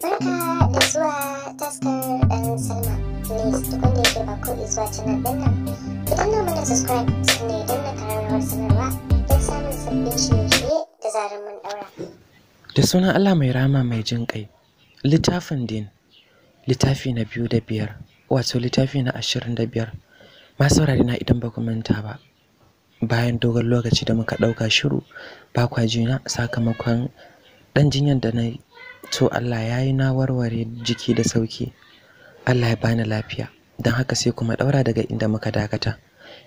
Barka da zuwa taskar ɗan Salma. Please duk wanda yake ba ko zuwa canal ɗin nan. Ki danna mana subscribe sannan ya danna kararrawar sanarwa don samun sabbin shirye-shirye da zarar mun ɗaura. Da sunan Allah mai rama mai jin ƙai. Littafin din. Littafi na biyu da biyar. Wato littafi na ashirin da biyar. Masu na idan ba ku manta ba. Bayan dogon lokaci da muka ɗauka shiru, ba kwa jina sakamakon ɗan jinyar da na to Allah ya yi na warware jiki da sauki Allah ya bani lafiya don haka sai kuma ɗaura daga inda muka dakata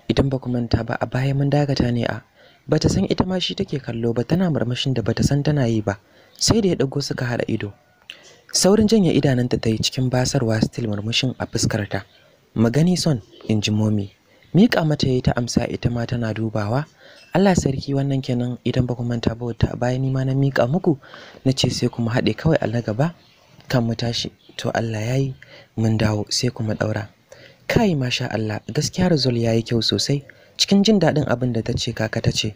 idan ba ku manta ba a baya mun dakata ne a bata san ita ma shi take kallo ba tana murmushin da bata san tana yi ba sai da ya dago suka hada ido saurin janye idananta ta yi cikin basarwa still murmushin a fuskarta magani son in ji momi miƙa mata yayi ta amsa ita ma tana dubawa Allah sarki wannan kenan idan ba ku manta ba wata bayan ni na mika muku na ce sai kuma haɗe kawai a gaba kan mu tashi to Allah ya yi. mun dawo sai kuma daura kai masha Allah gaskiya ya yi kyau sosai cikin jin daɗin abin da ta ce kaka ta ce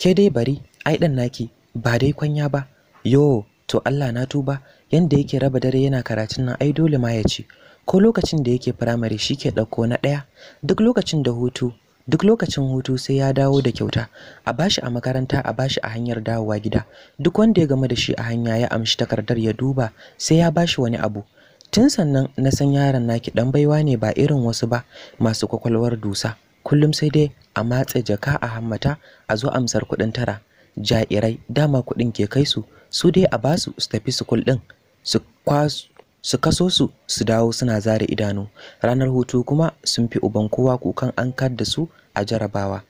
ke dai bari ai ɗan naki ba dai kwanya ba yo to Allah na tuba yanda yake raba dare yana karatun nan ai dole ma ya ce ko lokacin da yake firamare shi ke ɗauko na ɗaya duk lokacin da hutu duk lokacin hutu sai ya dawo da kyauta a bashi a makaranta a bashi a hanyar dawowa gida duk wanda ya game da shi a hanya ya amshi takardar ya duba sai ya bashi wani abu tun sannan na san yaron naki dan baiwa ne ba irin wasu ba masu kwakwalwar dusa kullum sai dai a matse jaka a hammata a zo amsar kuɗin tara jairai dama kuɗin ke kai su su dai a basu su tafi sukul ɗin su kwasu su kaso su su dawo suna zare idanu ranar hutu kuma sun fi uban kowa kukan an kar da su a jarabawa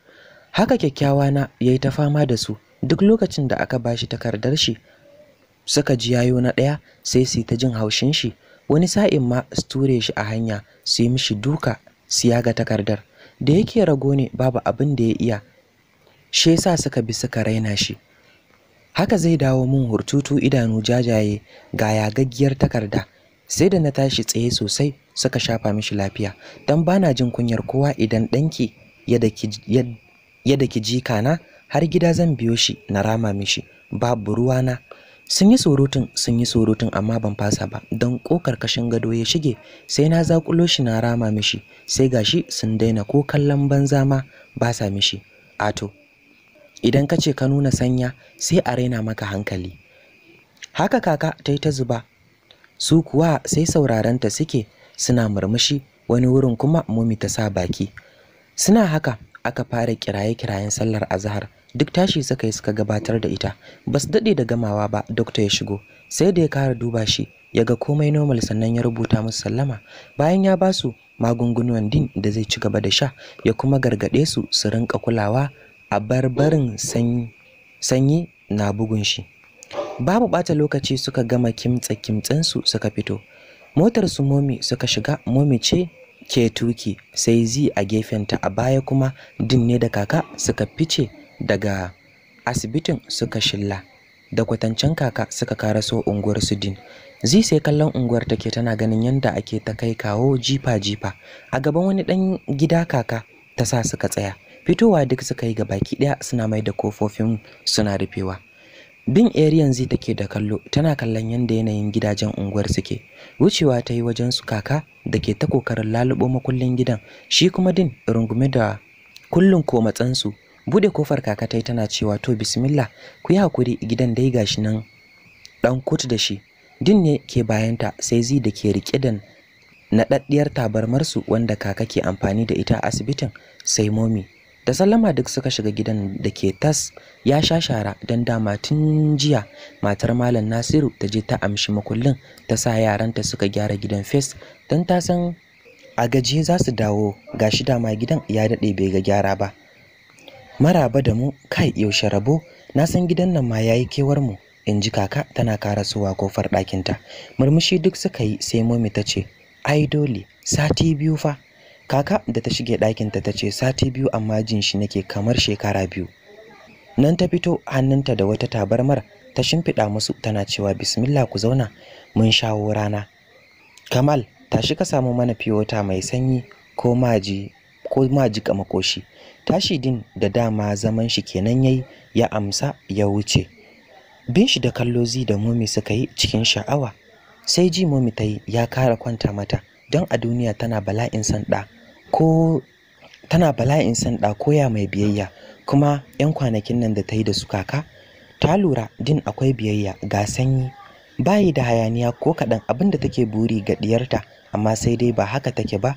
haka kyakkyawa na yayi ta fama da su duk lokacin da aka bashi takardar shi suka ji yayo na ɗaya sai su ta jin haushin shi wani sa'in ma su ture shi a hanya su yi mishi duka su yaga takardar da yake rago ne babu abin da ya iya shi yasa suka bi suka raina shi haka zai dawo mun hurtutu idanu jajaye ga yagaggiyar takarda sai da na tashi tsaye sosai suka shafa mishi lafiya don bana jin kunyar kowa idan ɗanki ya jika na, har gida zan biyo shi na rama mishi babu ruwana sun yi surutun sun yi surutun amma ban fasa ba don ko karkashin gado ya shige sai na zakulo shi na rama mishi sai ga shi sun daina ko kallon banza ma ba sa mishi ato idan ka ce ka nuna sanya sai a raina maka hankali haka kaka ta yi ta zuba su kuwa sai ta suke suna murmushi wani wurin kuma mumi ta sa baki suna haka aka fara kiraye-kirayen sallar azahar duk tashi suka yi suka gabatar da ita ba su daɗe da gamawa ba dokta ya shigo sai da ya kara duba shi ya ga komai normal sannan ya rubuta musu sallama bayan ya ba su magungunan din da zai ci gaba da sha ya kuma gargaɗe su su rinka kulawa a barbarin sanyi na bugun shi babu ɓata lokaci suka gama kimtsa su suka fito motar su momi suka shiga momi ce ke tuki sai zi a ta. a baya kuma Din ne da kaka suka fice daga asibitin suka shilla da kwatancen kaka suka karaso unguwar su din zi sai kallon unguwar take tana ganin yadda ake ta kai kawo jifa jifa a gaban wani ɗan gida kaka ta sa suka tsaya fitowa duk suka yi ga baki ɗaya suna mai da kofofin suna rufewa bin area yanzu take da kallo tana kallon yanda yanayin gidajen unguwar suke wucewa ta yi wajen su kaka da ke ta kokarin lalubo makullin gidan shi kuma din rungume da kullun ko matsansu. bude kofar kaka ta yi tana cewa to bismillah ku yi hakuri gidan dai gashi nan dan kutu da shi din ne ke bayanta sai zi da ke rike da naɗaɗɗiyar tabarmarsu wanda kaka ke amfani da ita a asibitin sai momi da sallama duk suka shiga gidan da ke tas ya sha shara don dama tun jiya matar malam nasiru ta je ta amshi makullin ta sa yaranta suka gyara gidan fes don ta san a gaje za su dawo ga shi dama gidan ya daɗe bai ga gyara ba maraba da mu kai yaushe rabo na san gidan nan ma yayi kewar mu in ji kaka tana karasuwa kofar ɗakinta murmushi duk suka yi sai momi ta ce ai dole sati biyu fa kaka da ta shige ɗakinta ta ce sati biyu amma jin shi nake kamar shekara biyu nan ta fito hannunta da wata tabarmar ta shimfiɗa musu tana cewa bismillah ku zauna mun shawo rana kamal tashi ka samu mana fiyota mai sanyi ko maji ko maji makoshi tashi din da dama zaman shi kenan yayi ya amsa ya wuce bin shi da kallozi da Mumi suka yi cikin sha'awa sai ji Mumi ta yi ya kara kwanta mata don a duniya tana bala'in sanda ko tana bala'in sanda ko koya mai biyayya kuma 'yan kwanakin nan da ta yi da su kaka ta lura din akwai biyayya ga sanyi bayi da hayaniya ko kaɗan abin da take buri ga ɗiyarta amma sai dai ba haka take ba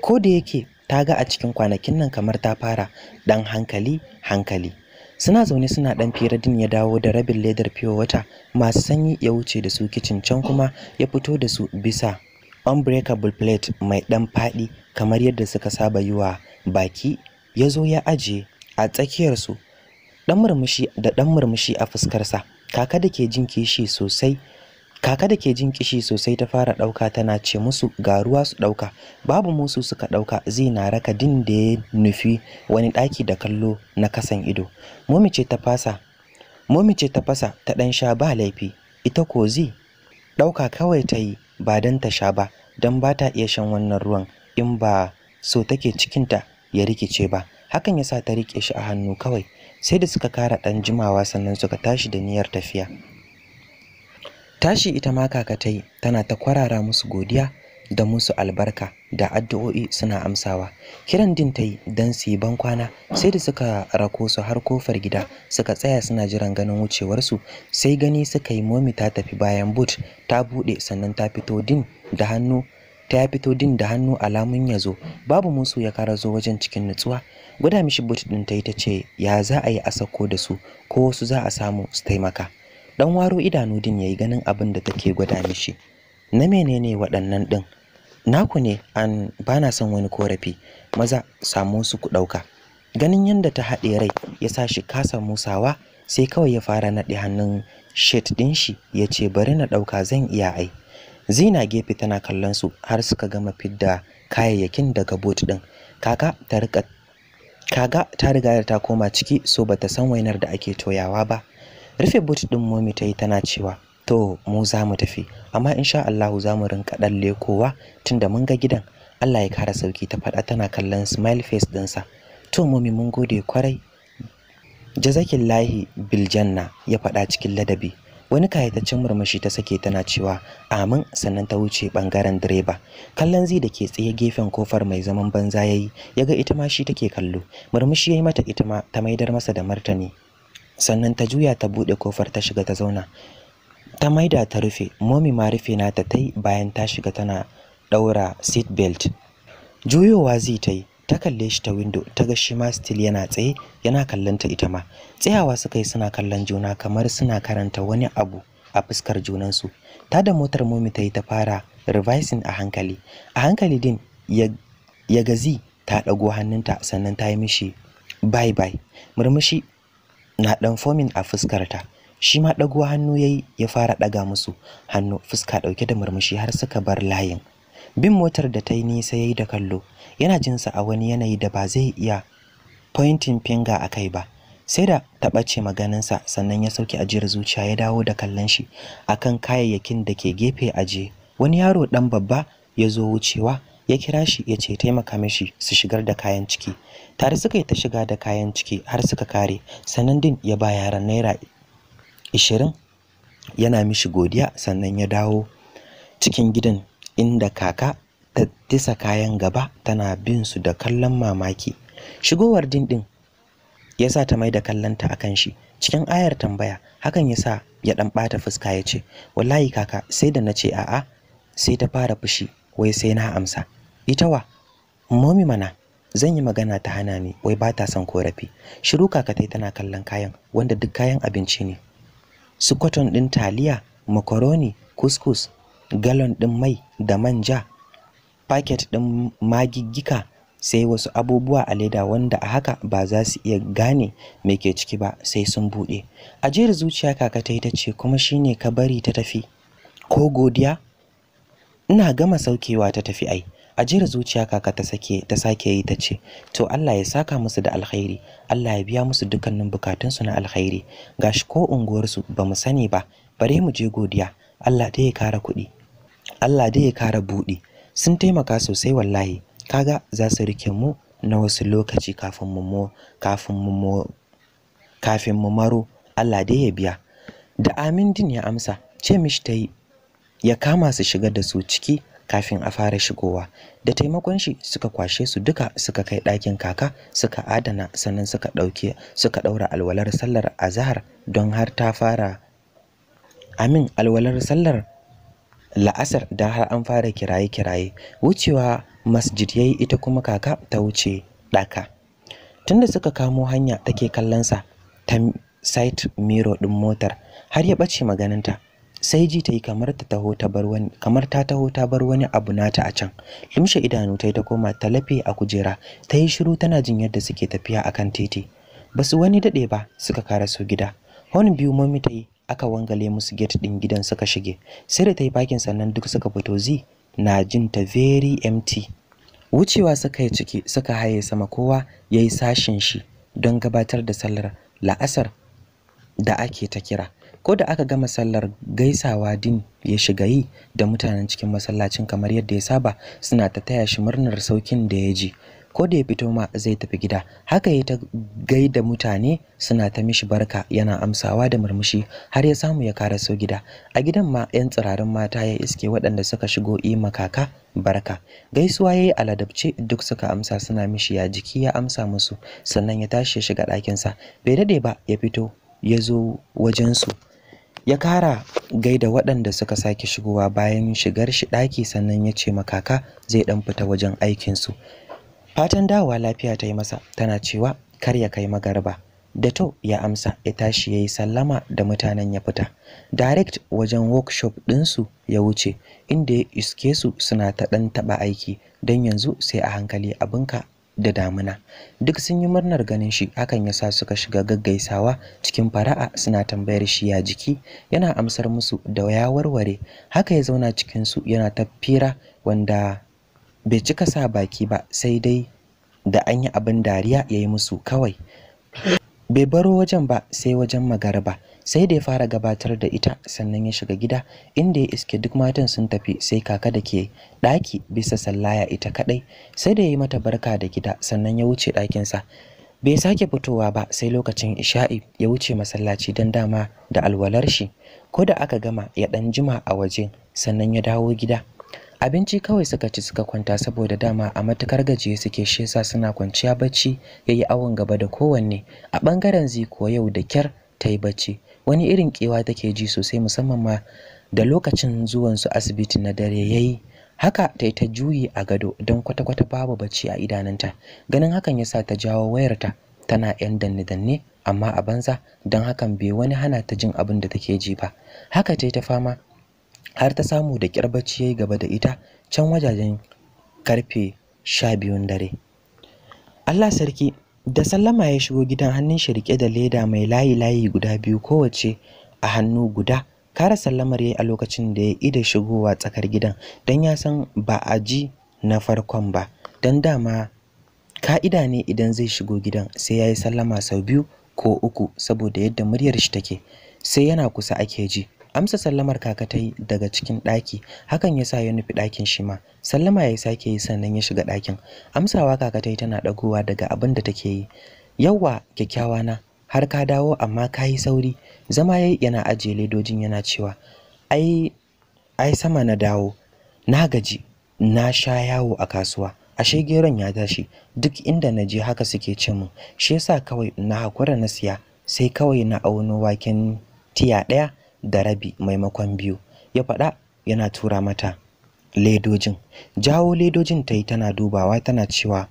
ko da yake ta ga a cikin kwanakin nan kamar ta fara ɗan hankali hankali suna zaune suna ɗan din ya dawo da rabin ledar fiyo wata masu sanyi ya wuce da su kicin can kuma ya fito da su bisa unbreakable plate mai ɗan faɗi kamar yadda suka saba yi wa baki ya zo ya ajiye a tsakiyarsu ɗan murmushi da ɗan murmushi a fuskarsa kaka da ke jin kishi sosai kaka da jin kishi sosai ta fara ɗauka tana ce musu ga ruwa su ɗauka babu musu suka ɗauka zai na raka din da ya nufi wani daki da kallo na kasan ido momice ce ta fasa ta fasa ta ɗan sha ba laifi ita ko zai ɗauka kawai ta yi ba don ta sha ba don ba ta iya shan wannan ruwan in ba so take cikinta ya rikice ba hakan ya sa ta rike shi a hannu kawai sai da suka kara ɗan jimawa sannan suka tashi da niyyar tafiya tashi ita ma kaka ta yi tana ta kwarara musu godiya da musu albarka da addu'o'i suna amsawa kiran din ta dan don su yi bankwana sai da suka rako su har kofar gida suka tsaya suna jiran ganin wucewarsu sai gani suka yi momi ta tafi bayan boot ta buɗe sannan ta fito din da hannu ta fito din da hannu alamun ya zo babu musu ya kara zo wajen cikin nutsuwa gwada mishi boot din ta yi ta ce ya za a yi a sako da su ko su za a samu su taimaka dan waro idanu din yayi ganin abin da take gwada mishi na menene waɗannan ɗin naku ne an bana son wani korafi maza samu su ku ɗauka ganin yadda ta haɗe rai ya sa shi kasa musawa sai kawai ya fara naɗe hannun shet ɗin shi ya ce bari na ɗauka zan iya ai zina gefe tana kallon su har suka gama fidda kayayyakin daga bot ɗin kaka ta kaga ta riga ta koma ciki so bata san wainar da ake toyawa ba rufe bot ɗin momi ta yi tana cewa to mu za mu tafi amma insha Allahu za mu rinka dan lekowa tunda mun ga gidan Allah ya kara sauki ta faɗa tana kallon smile face ɗinsa to mami mun gode kwarai jazakillahi biljanna ya faɗa cikin ladabi wani kayataccen murmushi ta sake tana cewa amin sannan ta wuce bangaren direba kallon zai da ke tsaye gefen kofar mai zaman banza ya yayi yaga ita ma shi take kallo murmushi ya yayi mata ita ma ta maidar masa da martani sannan ta juya ta buɗe kofar ta shiga ta zauna ta maida ta rufe momi ma rufe na ta tai bayan ta shiga tana daura seat belt juyowa zai ta yi ta kalle shi ta window ta ga shi ma still yana tsaye yana kallon ta ita ma tsayawa suka yi suna kallon juna kamar suna karanta wani abu a fuskar junansu ta da motar momi ta yi ta fara revising a hankali a hankali din ya gazi ta ɗago hannunta sannan ta yi mishi bye bye murmushi na ɗan fomin a fuskarta shi ma ɗago hannu ya yi ya fara ɗaga musu hannu fuska ɗauke da murmushi har suka bar layin bin motar da ta yi nisa ya yi da kallo yana jinsa a wani yanayi da ba zai iya pointing finger a kai ba sai da ta ɓace maganinsa sannan ya sauke ajiyar zuciya ya dawo da kallon shi akan kayayyakin da ke gefe aje wani yaro ɗan babba ya zo wucewa ya kira shi ya ce taimaka mishi su shigar da kayan ciki tare suka yi ta shiga da kayan ciki har suka kare sannan din ya ba yaran naira ishirin yana mishi godiya sannan ya dawo cikin gidan inda kaka ta disa kayan gaba tana bin su da kallon mamaki shigowar dindin ya sa ta mai da kallonta akan shi cikin ayar tambaya hakan ya sa ya dan bata fuska ya ce wallahi kaka sai da na ce a'a sai ta fara fushi wai sai na amsa ita wa momi mana zan yi magana ta hana ni wai ba ta son korafi shiru kakatai tana kallon kayan wanda duk kayan abinci ne su kwaton ɗin taliya makaroni kuskus galon ɗin mai da manja paket ɗin magiggika sai wasu abubuwa a leda wanda a haka ba za su iya gane mai ke ciki ba sai sun buɗe A ajiyar zuciya kaka ta yi ta ce kuma shine ka bari ta tafi ko godiya ina gama saukewa ta tafi ai A ajiyar zuciya kaka ta sake ta sake yi tace to Allah ya saka musu da alkhairi Allah ya biya musu dukkanin su na alkhairi gashi ko unguwarsu ba mu sani ba bare mu je godiya Allah dai ya kara kuɗi Allah dai ya kara buɗi sun taimaka sosai wallahi kaga za su rike mu na wasu lokaci kafin mu kafin mu kafin mu maro Allah dai ya biya da amin din ya amsa ce mishi ta yi ya kama su shiga da su ciki kafin a fara shigowa da taimakon shi suka kwashe su duka suka kai ɗakin kaka suka adana sannan suka ɗauke suka ɗaura alwalar sallar azahar don har ta fara amin alwalar sallar la'asar da har an fara kiraye-kiraye wucewa masjid yayi ita kuma kaka ta wuce ɗaka tunda suka kamo hanya take kallonsa ta site mirror ɗin motar har ya ɓace maganinta. sai ji ta yi kamar ta taho ta bar wani kamar ta taho ta bar wani abu nata a can limshe idanu ta yi ta koma ta lafe a kujera ta yi shiru tana jin yadda suke tafiya akan titi basu wani dade ba suka kara su gida hon biyu mami ta yi aka wangale musu gate din gidan suka shige sai da ta yi bakin sannan duk suka fito zi na jin ta very empty wucewa suka yi ciki suka haye sama kowa yayi sashin shi don gabatar da sallar la'asar da ake ta kira ko da aka gama sallar gaisawa din ya shiga yi da mutanen cikin masallacin kamar yadda ya saba suna ta taya shi murnar saukin da ya ji ko da ya fito ma zai tafi gida haka ya ta gaida mutane suna ta mishi barka yana amsawa da murmushi har ya samu ya karaso gida a gidan ma yan tsirarin mata ya iske waɗanda suka shigo yi makaka barka gaisuwa ya yi aladabce duk suka amsa suna mishi ya jiki ya amsa musu sannan ya tashi ya shiga ɗakinsa bai daɗe ba ya fito ya zo wajensu ya kara gaida waɗanda suka sake shigowa bayan shigar shi ɗaki sannan ya ce makaka zai ɗan fita wajen aikinsu fatan dawowa lafiya ta yi masa tana cewa kar ya kai magarba da to ya amsa ya tashi ya yi sallama da mutanen ya fita direct wajen workshop ɗinsu ya wuce inda ya iske su suna ta ɗan taɓa aiki don yanzu sai a hankali abinka da damuna duk sun yi murnar ganin shi hakan yasa suka shiga gaggaisawa cikin fara'a suna tambayar shi ya jiki yana amsar musu da ya warware haka ya zauna cikin su yana tafira wanda bai cika sa baki ba sai dai da an yi abin dariya ya yi musu kawai bai baro wajen ba sai wajen magarba sai da ya fara gabatar da ita sannan ya shiga gida inda ya iske duk matan sun tafi sai kaka da ke ɗaki bisa sallaya ita kaɗai sai da ya yi mata barka da gida sannan ya wuce ɗakinsa bai sake fitowa ba sai lokacin isha'i ya wuce masallaci don dama da alwalar shi ko da aka gama ya ɗan jima a waje sannan ya dawo gida abinci kawai suka ci suka kwanta saboda dama a matukar gajiye suke shesa suna kwanciya bacci yayi awon gaba da kowanne a bangaren ziko yau da kyar ta yi bacci wani irin kewa take ji sosai musamman ma da lokacin zuwansu asibiti na dare yayi haka ta ta juyi a gado don kwata-kwata babu bacci a idanunta ganin hakan yasa ta jawo wayarta tana yan danne-danne amma a banza don hakan bai wani hana ta jin abin da take ji ba haka ta ta fama har ta samu da kyar bacci yayi gaba da ita can wajajen karfe sha biyun dare Allah sarki da sallama ya shigo gidan hannun shi rike da leda mai layi-layi guda biyu kowace a hannu guda kara sallamar yi a lokacin da ya ida shigowa tsakar gidan don ya san ba a ji na farkon ba don dama ka'ida ne idan zai shigo gidan sai ya yi sallama sau biyu ko uku saboda yadda muryar shi take sai yana kusa ake ji amsa sallamar kaka ta daga cikin ɗaki hakan ya sa ya nufi ɗakin shi ma sallama ya sake yi sannan ya shiga ɗakin amsawa kakatai ta yi tana ɗagowa daga abin da take yi yawwa kyakkyawa na har ka dawo amma ka yi sauri zama ya yana ajiye ledojin yana cewa ai ai sama na dawo na gaji na sha yawo a kasuwa ashe geron ya tashi duk inda na je haka suke ce mu shi yasa kawai na hakura na siya sai kawai na auno waken tiya ɗaya da rabi maimakon biyu ya faɗa yana tura mata ledojin jawo ledojin ta yi tana dubawa tana cewa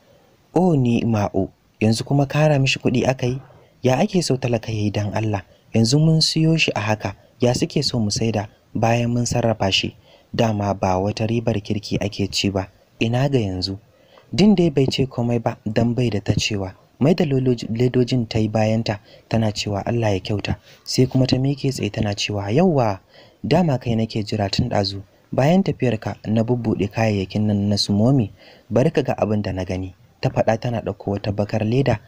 o ni ma'o yanzu kuma kara mishi kuɗi aka yi ya ake so talaka ya yi don allah yanzu mun siyo shi a haka ya suke so mu saida bayan mun sarrafa shi dama ba wata ribar kirki ake ci ba ina ga yanzu din dai bai ce komai ba don bai da ta cewa mai da ledojin ta yi bayanta tana cewa Allah ya kyauta sai kuma ta miƙe tsaye tana cewa yauwa dama kai nake jira tun ɗazu bayan tafiyarka na bubbuɗe kayayyakin nan na sumomi bari ka ga abin da na gani ta faɗa tana ɗauko wata bakar leda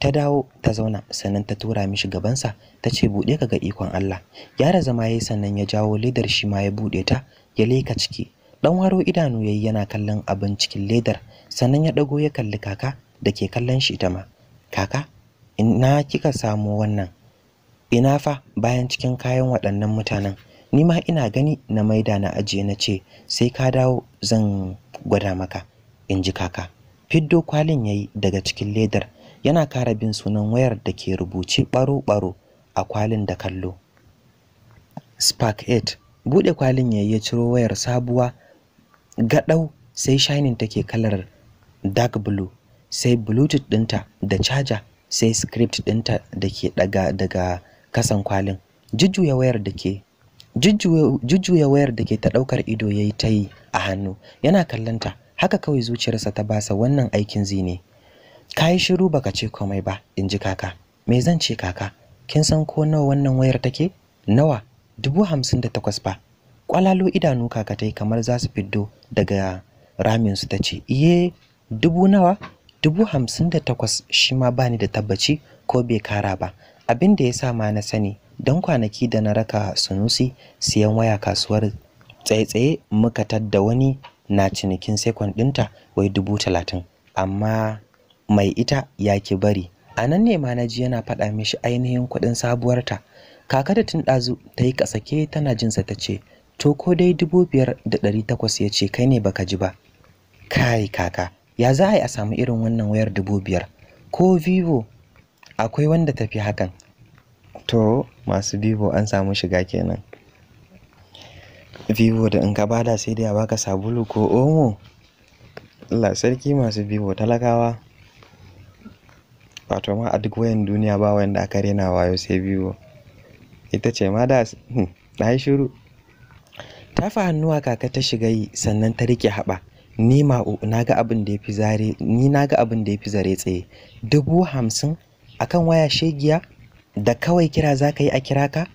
ta dawo ta zauna sannan ta tura mishi gabansa ta ce buɗe ka ga ikon Allah gyara zama yayi sannan ya jawo ledar shi ma ya buɗe ta ya leka ciki Ɗan waro idanu yayi yana kallon abin cikin ledar sannan ya ɗago ya kalli kaka da ke kallon shi ita ma kaka ina kika samo wannan ina fa bayan cikin kayan waɗannan mutanen ni ma ina gani na maida na ajiye na ce sai ka dawo zan gwada maka in ji kaka fiddo kwalin yayi daga cikin ledar yana kara bin sunan wayar da ke rubuce ɓaro-ɓaro a kwalin da kallo spark 8 buɗe kwalin yayi ya ciro wayar sabuwa gaɗau sai shining take kalar dark blue sai bluetooth dinta da charger sai script dinta da ke daga daga kasan kwalin jujjuya wayar da ke jujjuya wayar da ke ta ɗaukar ido yayi ta yi a hannu yana kallonta haka kawai zuciyarsa ta basa wannan aikin zine ka yi shiru baka ce komai ba Inji kaka me zan ce kaka kin san ko nawa wannan wayar take nawa dubu hamsin da takwas ba kwalalo idanu kakatai kamar za su fiddo daga ramin su ta ce iye dubu nawa dubu hamsin da takwas shi ma ba da tabbaci ko bai kara ba abin da ya sa ma na sani don kwanaki da na raka sunusi siyan waya kasuwar tsaye-tsaye muka tadda wani na cinikin sekon ɗinta wai dubu talatin amma mai ita ya ki bari a nan ne ma na ji yana faɗa mishi ainihin kuɗin sabuwarta kaka da tun ɗazu ta yi ƙasake tana jinsa ta ce to ko dai dubu biyar da ɗari takwas ya ce kai ne baka ji ba kai kaka ya za a yi a samu irin wannan wayar dubu biyar ko vivo akwai wanda tafi hakan to masu vivo an samu shiga kenan vivo da in ka bada sai dai a baka sabulu ko omo La sarki masu vivo talakawa wato ma a duk wayan duniya ba wanda aka rena wayo sai vivo ita ce ma da hmm, na yi shiru ta fi hannuwa kaka ta shiga yi sannan ta rike haɓa ni ma na ga abin da ya fi zare ni na abin da ya zare tsaye dubu hamsin akan waya shegiya da kawai kira za ka yi a kira ka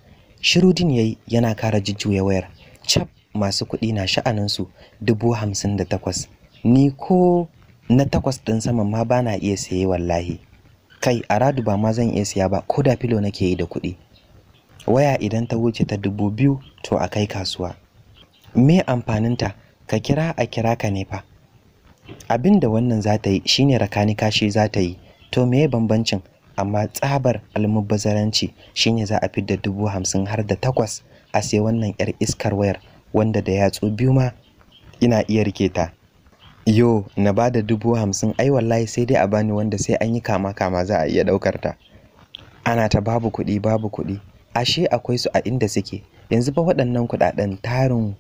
shirudin ya yi yana kara jujjuya wayar cap masu kuɗi na sha'aninsu dubu hamsin da takwas ni ko na takwas ɗin saman ma ba na iya saye wallahi kai a radu ba ma zan iya saya ba ko da filo nake yi da kuɗi waya idan ta wuce ta dubu biyu to a kai kasuwa me amfaninta ka kira a kira ka ne fa abin da wannan za ta yi shine ni kashi za ta yi to meye bambancin amma tsabar almubazzaranci shine za a fi da dubu hamsin har da takwas a sai wannan yar iskar wayar wanda da yatsu biyu ma ina iya rike ta yo na ba da dubu hamsin ai wallahi sai dai a bani wanda sai an yi kama kama za a iya ɗaukar ta ana ta babu kuɗi babu kuɗi ashe akwai su a inda suke yanzu ba waɗannan kuɗaɗen tarin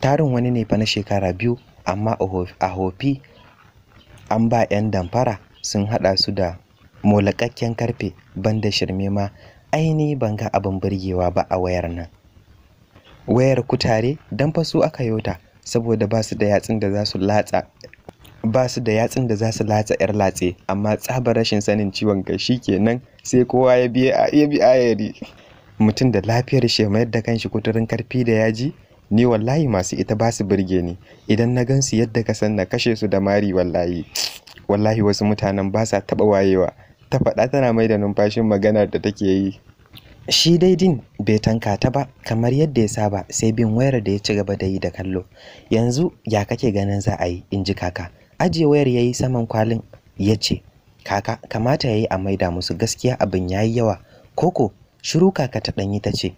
tarin wani ne fa na shekara biyu amma a hofi an ba 'yan damfara sun haɗa su da molakakken karfe banda shirme ma aini ban ga abin burgewa ba a wayar nan wayar kutare dan fa su aka yota saboda ba su da yatsun da za su latsa yar latse amma tsabar rashin sanin ciwon ke kenan sai kowa ya biya bi ayari mutum da lafiyar shi da kanshi kuturin karfi da yaji ni wallahi masu ita ba su birge ni idan na gan su yadda ka san na kashe su da mari wallahi wallahi wasu mutanen ba sa taɓa wayewa ta faɗa tana mai da numfashin maganar da take yi shi dai din bai tanka ta ba kamar yadda ya saba sai bin wayar da ya ci gaba da yi da kallo yanzu ya kake ganin za a yi in ji kaka ajiye wayar ya yi saman kwalin ya ce kaka kamata ya yi a maida musu gaskiya abin ya yi yawa koko shiru kaka ta ɗanyi ta ce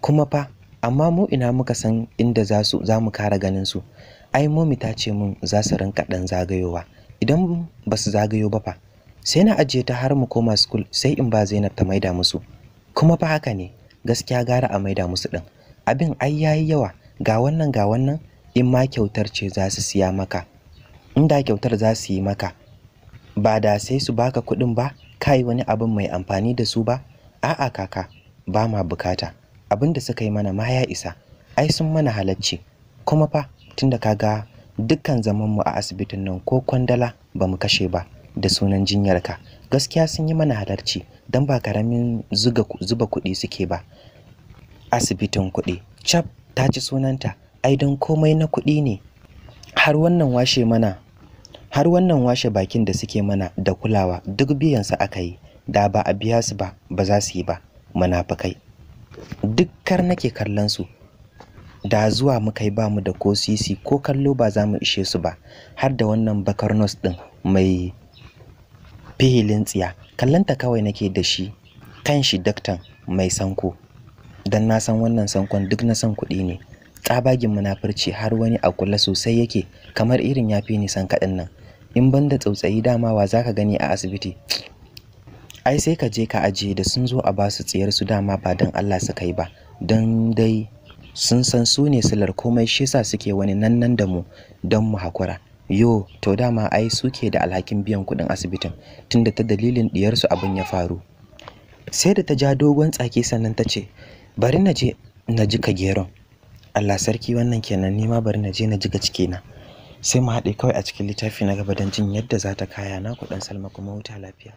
kuma fa amma mu ina muka san inda za su za mu kara ganin su ai momi ta ce mun za su rinka dan zagayowa idan ba su zagayo ba fa sai na ajiye ta har mu koma school sai in ba Zainab ta maida musu kuma fa haka ne gaskiya gara a maida musu din abin ai yayi yawa ga wannan ga wannan in ma kyautar ce za su siya maka inda kyautar za su yi maka ba da sai su baka kuɗin ba kai wani abin mai amfani da su ba a'a kaka ba ma bukata abin da suka yi mana ma ya isa ai sun mana halacci kuma fa tunda kaga dukkan zaman mu a asibitin nan ko kwandala ba mu kashe ba da sunan jinyarka gaskiya sun yi mana halarci don ba karamin zuba kuɗi suke ba asibitin kuɗi cap ta ci sunanta ai don komai na kuɗi ne har wannan washe mana har wannan washe bakin da suke mana da kulawa duk biyansa aka yi da ba a biya su ba ba za su yi ba munafukai dukkar nake kallon su da zuwa muka yi mu da ko sisi ko kallo ba za mu ishe su ba har da wannan bakar nos din mai fihilin tsiya Kallonta kawai nake da shi kan shi daktan mai sanko dan na san wannan sankon duk na san kuɗi ne tsabagin munafurci har wani a kula sosai yake kamar irin yafi ni san kaɗin nan in banda tsautsayi dama wa zaka gani a asibiti ai sai ka je ka ajiye da sun zo a ba su tsiyar su dama ba don Allah suka kai ba don dai sun san su ne silar komai shi sa suke wani nan nan da mu don mu hakura yo to dama ai suke da alhakin biyan kuɗin asibitin tunda ta dalilin diyarsu abin ya faru sai da ta ja dogon tsaki sannan ta ce bari na je na ji ka geron Allah sarki wannan kenan nima bari na je na ji ga na. sai mu haɗe kawai a cikin littafi na gaba don jin yadda za ta kaya na kuɗin salma kuma wuta lafiya